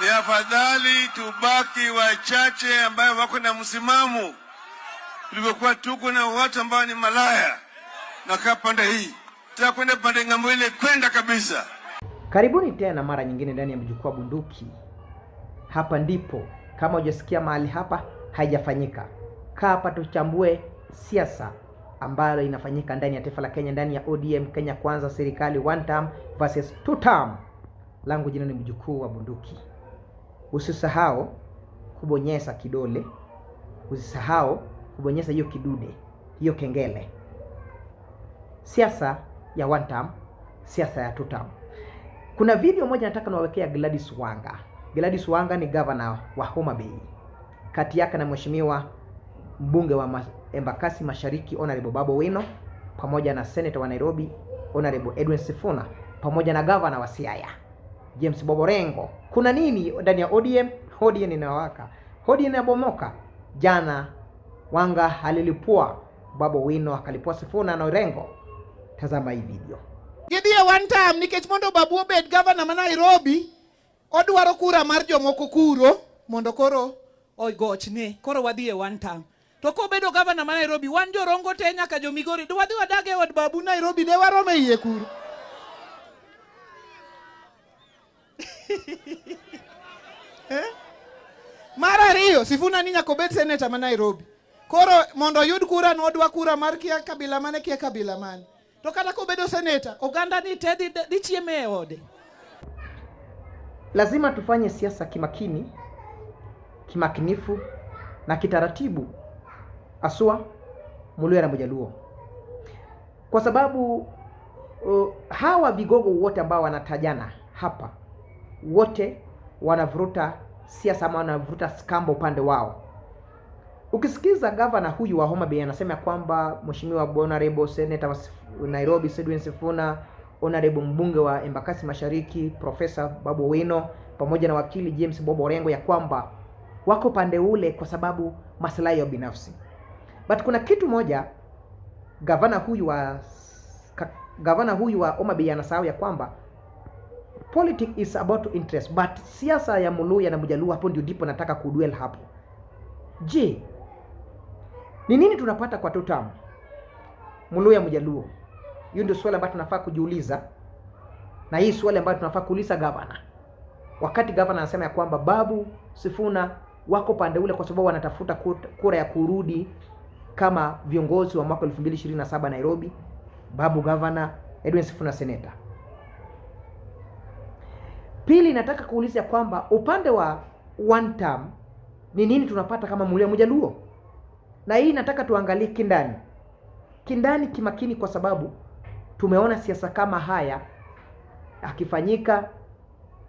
ni afadhali tubaki wachache ambayo wako na msimamo tulivyokuwa tuko na watu ambao ni malaya na kaa pande hii taa kwenda pande ng'ambo ile kwenda kabisa. Karibuni tena mara nyingine ndani ya Mjukuu wa Bunduki. Hapa ndipo kama hujasikia mahali hapa haijafanyika, kaa hapa tuchambue siasa ambayo inafanyika ndani ya taifa la Kenya, ndani ya ODM Kenya Kwanza, serikali one term versus two term. Langu jina ni Mjukuu wa Bunduki. Usisahau kubonyeza kidole, usisahau kubonyeza hiyo kidude, hiyo kengele. Siasa ya one term, siasa ya two term. Kuna video moja nataka niwawekea Gladys Wanga. Gladys Wanga ni gavana wa Homa Bay, kati yake na mheshimiwa mbunge wa Embakasi Mashariki Honorable Babu Wino pamoja na senator wa Nairobi Honorable Edwin Sifuna pamoja na gavana wa Siaya. James Boborengo. Kuna nini ndani ya ODM? ODM inawaka, ODM inabomoka. Jana Wanga alilipua Babo Wino akalipua Sifuna na Orengo. Tazama hii video. Gidhi one time nikech mondo Babu obed gavana ma Nairobi odwaro kura mar jomoko kuro mondo koro ogochne koro wadhi e one time to kobedo gavana ma Nairobi wan jorongo te nyaka jomigori wadhi wadag e od Babu Nairobi ne warome iye kuro mar ariyo Sifuna ni nyaka obed seneta ma Nairobi koro mondo oyud kura nodwa kura mar kia kabila mane kia kabila mane to kata kobedo seneta oganda ni te dhi chieme e ode lazima tufanye siasa kimakini kimakinifu na kitaratibu aswa Muluya na mujaluo kwa sababu uh, hawa vigogo wote ambao wanatajana hapa wote wanavuruta siasa ama wanavuta skambo upande wao. Ukisikiza gavana huyu wa Homa Bay anasema kwamba mheshimiwa honorable senator wa Nairobi Edwin Sifuna, honorable mbunge wa Embakasi Mashariki Profesa Babu Wino pamoja na wakili James Bobo Orengo ya kwamba wako pande ule kwa sababu maslahi yao binafsi. But kuna kitu moja gavana huyu wa gavana huyu wa Homa Bay anasahau ya kwamba politics is about interest, but siasa ya Muluya na Mjaluo, hapo ndio ndipo nataka kudwell hapo. Je, ni nini tunapata kwa totam Muluya Mjaluo? Hiyo ndio swali ambalo tunafaa kujiuliza, na hii swali ambayo tunafaa kuuliza gavana, wakati gavana anasema ya kwamba Babu Sifuna wako pande ule kwa sababu wanatafuta kura ya kurudi kama viongozi wa mwaka 2027 Nairobi, Babu gavana Edwin Sifuna seneta Pili, nataka kuuliza kwamba upande wa one term ni nini tunapata kama Mluhya Mjaluo, na hii nataka tuangalie kindani kindani kimakini, kwa sababu tumeona siasa kama haya akifanyika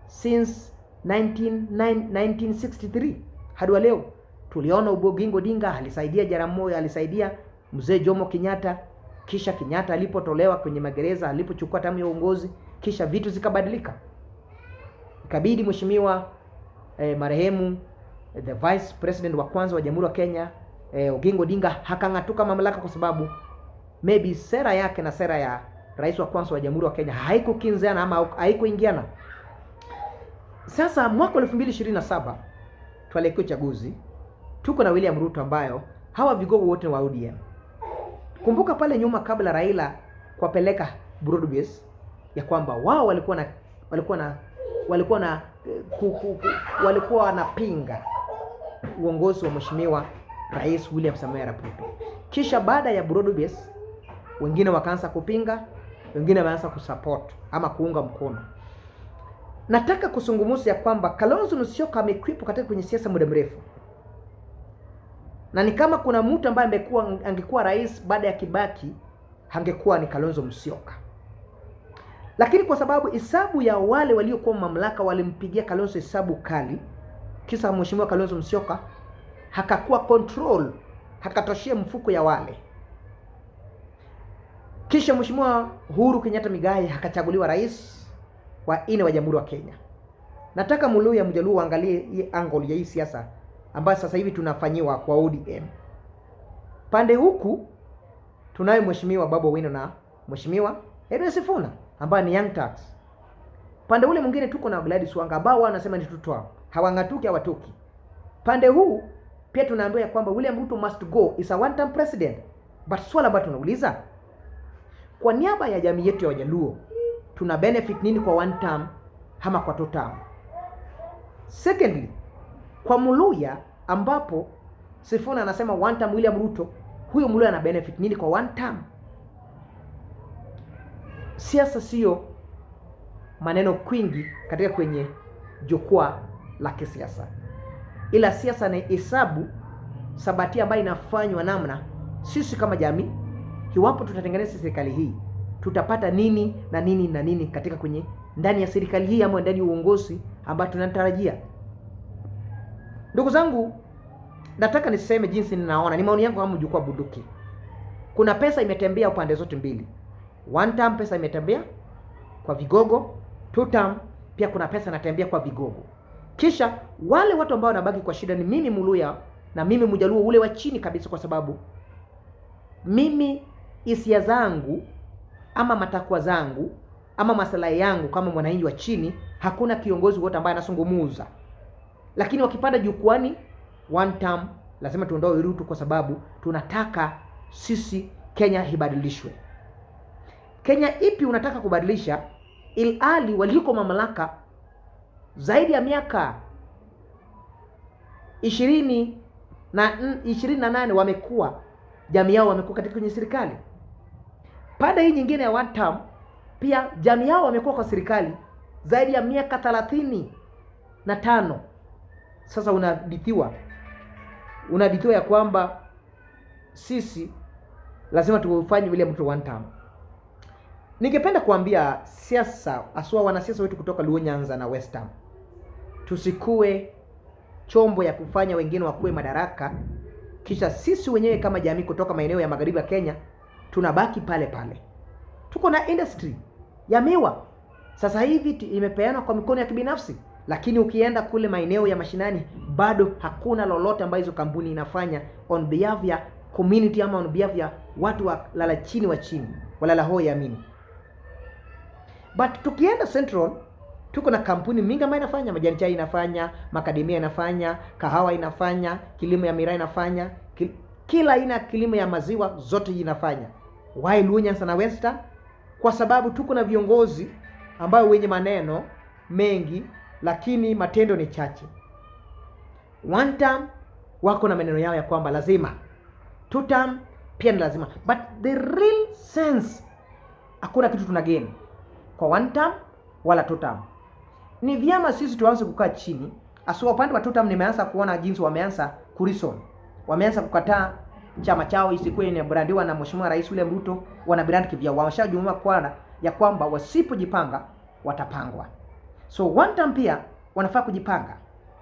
since 19, 1963 hadi leo. Tuliona Oginga Dinga alisaidia Jaramogi, alisaidia mzee Jomo Kenyatta, kisha Kenyatta alipotolewa kwenye magereza, alipochukua tamu ya uongozi, kisha vitu zikabadilika kabidi mheshimiwa eh, marehemu eh, the vice president wa kwanza wa Jamhuri ya Kenya eh, Oginga Odinga hakang'atuka mamlaka kwa sababu maybe sera yake na sera ya rais wa kwanza wa Jamhuri ya Kenya haikukinzana ama haikuingiana. Sasa mwaka 2027 tuelekea uchaguzi, tuko na William Ruto ambayo hawa vigogo wote wa ODM. Kumbuka pale nyuma kabla Raila kuwapeleka Broadbase ya kwamba wao walikuwa na walikuwa na walikuwa na kuku, walikuwa wanapinga uongozi wa mheshimiwa Rais William Samoei Arap Ruto. Kisha baada ya broad base wengine wakaanza kupinga, wengine wakaanza kusupport ama kuunga mkono. Nataka ya kwamba Kalonzo Musyoka amekwipo katika kwenye siasa muda mrefu, na ni kama kuna mtu ambaye amekuwa angekuwa rais baada ya Kibaki, angekuwa ni Kalonzo Musyoka. Lakini kwa sababu hesabu ya wale waliokuwa mamlaka walimpigia Kalonzo hesabu kali, kisa mheshimiwa Kalonzo Musyoka hakakuwa control, hakatoshia mfuko ya wale. Kisha mheshimiwa Uhuru Kenyatta Migai hakachaguliwa rais wa nne wa Jamhuri wa Kenya. Nataka Muluya Mjaluo waangalie hii angle ya hii siasa ambayo sasa hivi tunafanyiwa kwa ODM. Pande huku tunaye mheshimiwa Babu Owino na mheshimiwa Edwin Sifuna ambayo ni Young Turks. Pande ule mwingine tuko na Gladys Wanga ambao wao wanasema ni tutoa. Hawang'atuki hawatoki. Pande huu pia tunaambiwa kwamba William Ruto must go is a one term president. But swala ambalo tunauliza kwa niaba ya jamii yetu ya Wajaluo tuna benefit nini kwa one term ama kwa two term? Secondly, kwa Muluya ambapo Sifuna anasema one term William Ruto, huyo Muluya ana benefit nini kwa one term? siasa sio maneno kwingi katika kwenye jukwaa la kisiasa, ila siasa ni hesabu sabati ambayo inafanywa namna sisi kama jamii, iwapo tutatengeneza serikali hii tutapata nini na nini na nini katika kwenye ndani ya serikali hii ama ndani ya uongozi ambao tunatarajia. Ndugu zangu, nataka niseme jinsi ninaona, ni maoni yangu kama jukwaa bunduki. Kuna pesa imetembea upande zote mbili. One term pesa imetembea kwa vigogo, two term pia kuna pesa inatembea kwa vigogo. Kisha wale watu ambao wanabaki kwa shida ni mimi Muluya na mimi Mjaluo ule wa chini kabisa, kwa sababu mimi hisia zangu ama matakwa zangu ama maslahi yangu kama mwananchi wa chini, hakuna kiongozi wote ambaye anasungumuza Lakini wakipanda jukwani one term, lazima tuondoe Ruto kwa sababu tunataka sisi Kenya ibadilishwe. Kenya ipi unataka kubadilisha, ilali waliko mamlaka zaidi ya miaka ishirini na ishirini na nane wamekuwa jamii yao wamekuwa katika kwenye serikali. Baada hii nyingine ya one term, pia jamii yao wamekuwa kwa serikali zaidi ya miaka thelathini na tano. Sasa unadithiwa unadithiwa ya kwamba sisi lazima tufanye vile mtu one term ningependa kuambia siasa aswa wanasiasa wetu kutoka Luo Nyanza na Western, tusikue chombo ya kufanya wengine wakuwe madaraka kisha sisi wenyewe kama jamii kutoka maeneo ya magharibi ya Kenya tunabaki pale pale. Tuko na industry ya miwa sasa hivi imepeanwa kwa mikono ya kibinafsi, lakini ukienda kule maeneo ya mashinani bado hakuna lolote ambayo hizo kampuni inafanya on behalf ya community ama on behalf ya watu lala chini wa chini walala hoi amini. But tukienda Central tuko na kampuni mingi ambayo inafanya majani chai, inafanya makademia, inafanya kahawa, inafanya kilimo ya miraa, inafanya kila aina ya kilimo ya maziwa zote inafanya. Why Luhyansa na Western? Kwa sababu tuko na viongozi ambao wenye maneno mengi lakini matendo ni chache. One term wako na maneno yao ya kwamba lazima, two term pia ni lazima, but the real sense hakuna kitu tuna gain kwa one term wala two term. Ni vyema sisi tuanze kukaa chini, aswa upande wa two term nimeanza kuona jinsi wameanza kurison, wameanza kukataa chama chao isikuwe inabrandiwa na Mheshimiwa Rais William Ruto, wana brand kivyao, wameshajumua kwana ya kwamba wasipojipanga watapangwa. So one term pia wanafaa kujipanga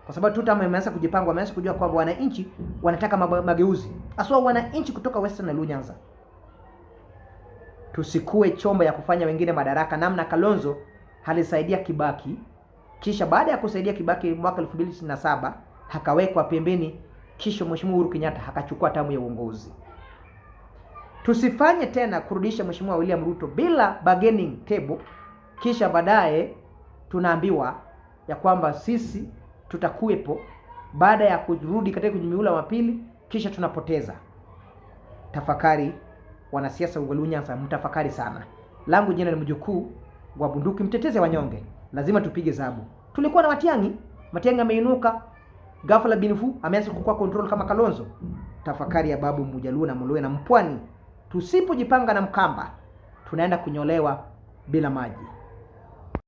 kwa sababu tuta wameanza kujipanga, wameanza kujua kwamba wananchi wanataka mageuzi, aswa wananchi kutoka Western na Nyanza tusikue chombo ya kufanya wengine madaraka, namna Kalonzo alisaidia Kibaki, kisha baada ya kusaidia Kibaki mwaka 2027 hakawekwa pembeni, kisha Mheshimiwa Uhuru Kenyatta akachukua tamu ya uongozi. Tusifanye tena kurudisha Mheshimiwa William Ruto bila bargaining table, kisha baadaye tunaambiwa ya kwamba sisi tutakuwepo baada ya kurudi katika kwenye miula mapili kisha tunapoteza. Tafakari wanasiasa Ugalunyanza mtafakari sana. Langu jina ni mjukuu wa bunduki, mtetezi wanyonge, lazima tupige zabu. Tulikuwa na Matiang'i. Matiang'i ameinuka ghafla, binifu ameanza kukua control kama Kalonzo. Tafakari ya babu Mjaluo na Mluhya na Mpwani, tusipojipanga na Mkamba tunaenda kunyolewa bila maji.